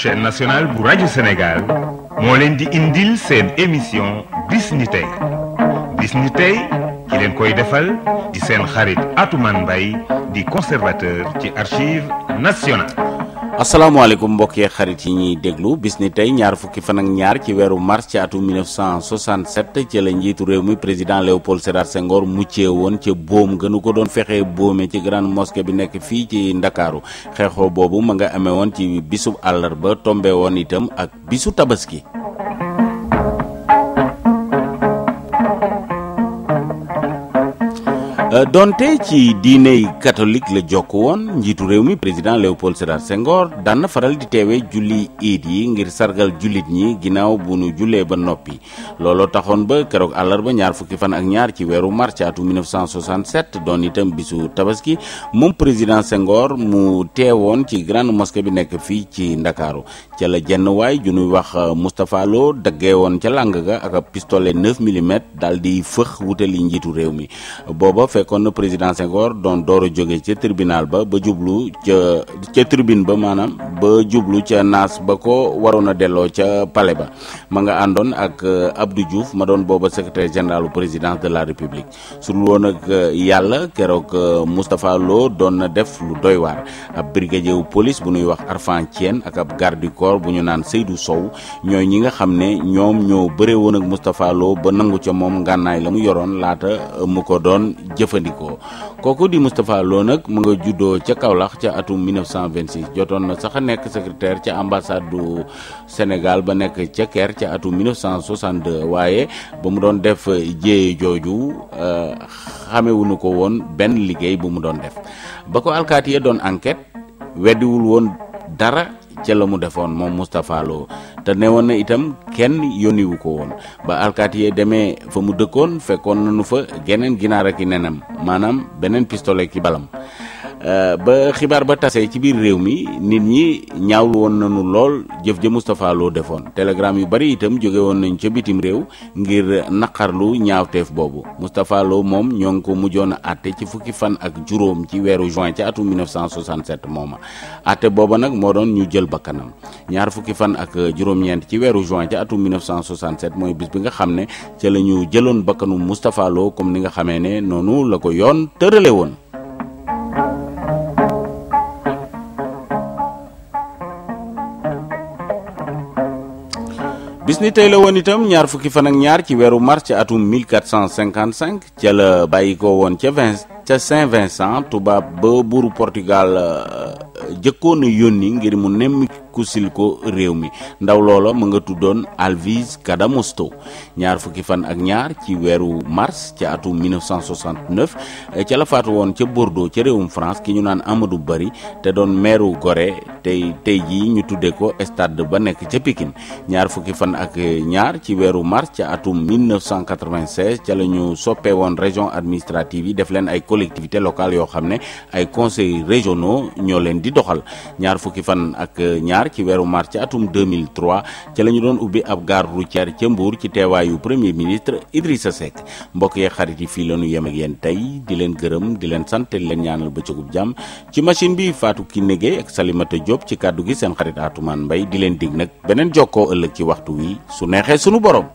chaîne national bu rajo Sénégal moo leen di indil seen émission bis ni tey koy defal di seen xarit Atoumane Mbaye di conservateur ci archive nationale asalaamaaleykum mbokkee xarit yi ñuy déglu bis ni tey ñaar fukki fan ak ñaar ci weeru mars ci atum 1967 ci la njiitu réew mi président Léopold Sédar Senghor muccee woon ca boom gënu ko doon fexee boome ci grande mosquée bi nekk fii ci ndakaaru xeexoo boobu ma nga amee woon ci bisub àllarba tombe woon itam ak bisu tabaski Euh, donte ci diiney catholique la jokk woon njiitu réew mi président Léopold Sédar Senghor daan na faral di teewe julli iid yi ngir sargal jullit ñi ginnaaw bu nu jullee ba noppi looloo taxoon ba keroog àllarba ñaar fukki fan ak ñaar ci weeru mars atu 1967 doon itam bisu tabaski moom président Senghor mu teewoon ci grande mosquée bi nekk fii ci Ndakaaru ca la jenn waay ju nuy wax euh, Moustapha Lo woon ca lang ga ak pistolet 9 millimètres daal di fëx wutali njiitu réew mi kon na président Senghor doon door a jóge ca tribunal ba ba jublu ca ca tribune ba maanaam ba jublu ca naas ba ko waroon a delloo ca pale ba ma nga àndoon ak eh, Abdou Diouf ma doon booba secrétaire général bu présidence de la république su dul woon ak eh, yàlla keroog eh, Moustapha Lo doon na def lu doy waar ab brigadier police bu nuy wax Arfan Thiène ak ab garde du corps bu ñu naan Seydou Sow ñooy ñi nga xam ne ñoom ñoo bëre woon ak Moustapha Lo ba nangu ca moom ngànnaay la mu yoroon laata mu ko doon sukkandikoo kooku di Moustapha Lo nag mu nga juddoo ca Kaolack ca atum 1926 jotoon na sax a nekk secrétaire ca ambassade du Sénégal ba nekk ca ker ca atum 1962 waaye ba mu doon def jéeye jooju euh, xamewuñu ko woon benn liggéey bu mu doon def ba ko alkaati ya doon enquête weddiwul woon dara ca la mu defoon moom Moustapha Lo te newoon na itam kenn yónniwu ko woon ba alkaati yee demee fa mu dëkkoon fekkoon nañu fa geneen ginaar ak i nenam maanaam beneen pistolet ki balam Euh, ba xibaar ba tasee ci biir réew mi nit ñi ñaawlu woon nañu lool jëf ja Moustapha defoon télégramme yu bari itam jóge woon nañ ca bitim réew ngir naqarlu ñaawteef boobu mustafaaloo moom ñoo ngi ko mujjoon a àtte ci fukki fan ak juróom ci weeru juin ci atum 1967 mooma àtte booba nag moo doon ñu jël bakkanam ñaar fukki fan ak juróom-ñeent ci weeru juin atum 1967 mooy bis bi nga xam ne ca la ñu jëloon bakkanu Moustapha Lo comme ni nga xamee ne noonu la ko yoon tërale woon bis ni tey la woon itam ñaar fukki fan ak ñaar ci weeru mars ci atum ca la bàyyikoo woon ca Vince ca Saint-Vincent tubaab ba buuru Portugal euh, jëkkoon a yónni ngir mu nemmi kusil ko réew mi ndaw loola mu nga tuddoon Alvise Cadamosto ñaar fukki fan ak ñaar ci weeru mars ca atum 1969 euh, ca la faatu woon ca Bordeaux ca réewum France ki ñu naan Amadou Bari te doon meeru Gorée tey tey jii ñu tuddee ko stade ba nekk ca Pikine ñaar fukki fan ak ñaar ci weeru mars ca atum 1996 ca la ñu soppee woon région administrative yi def leen ay collectivité locale yoo xam ne ay conseil régionaux ñoo leen di doxal ñaar fukki fan ak ñaar ci weeru mars ca atum 2003 ca la ñu doon ubbi ab gare routière ca Mbour ci teewaayu premier ministre Idrissa Seck mbokk yee xarit yi fii la ñu yem yéen tey di leen gërëm di leen sant di leen ñaanal bëccëgub jàmm ci machine Diop ci kàddu gi seen xarit Atoumane Mbaye di leen dig nag beneen jokkoo ëllëg ci waxtu wi su neexee sunu borom.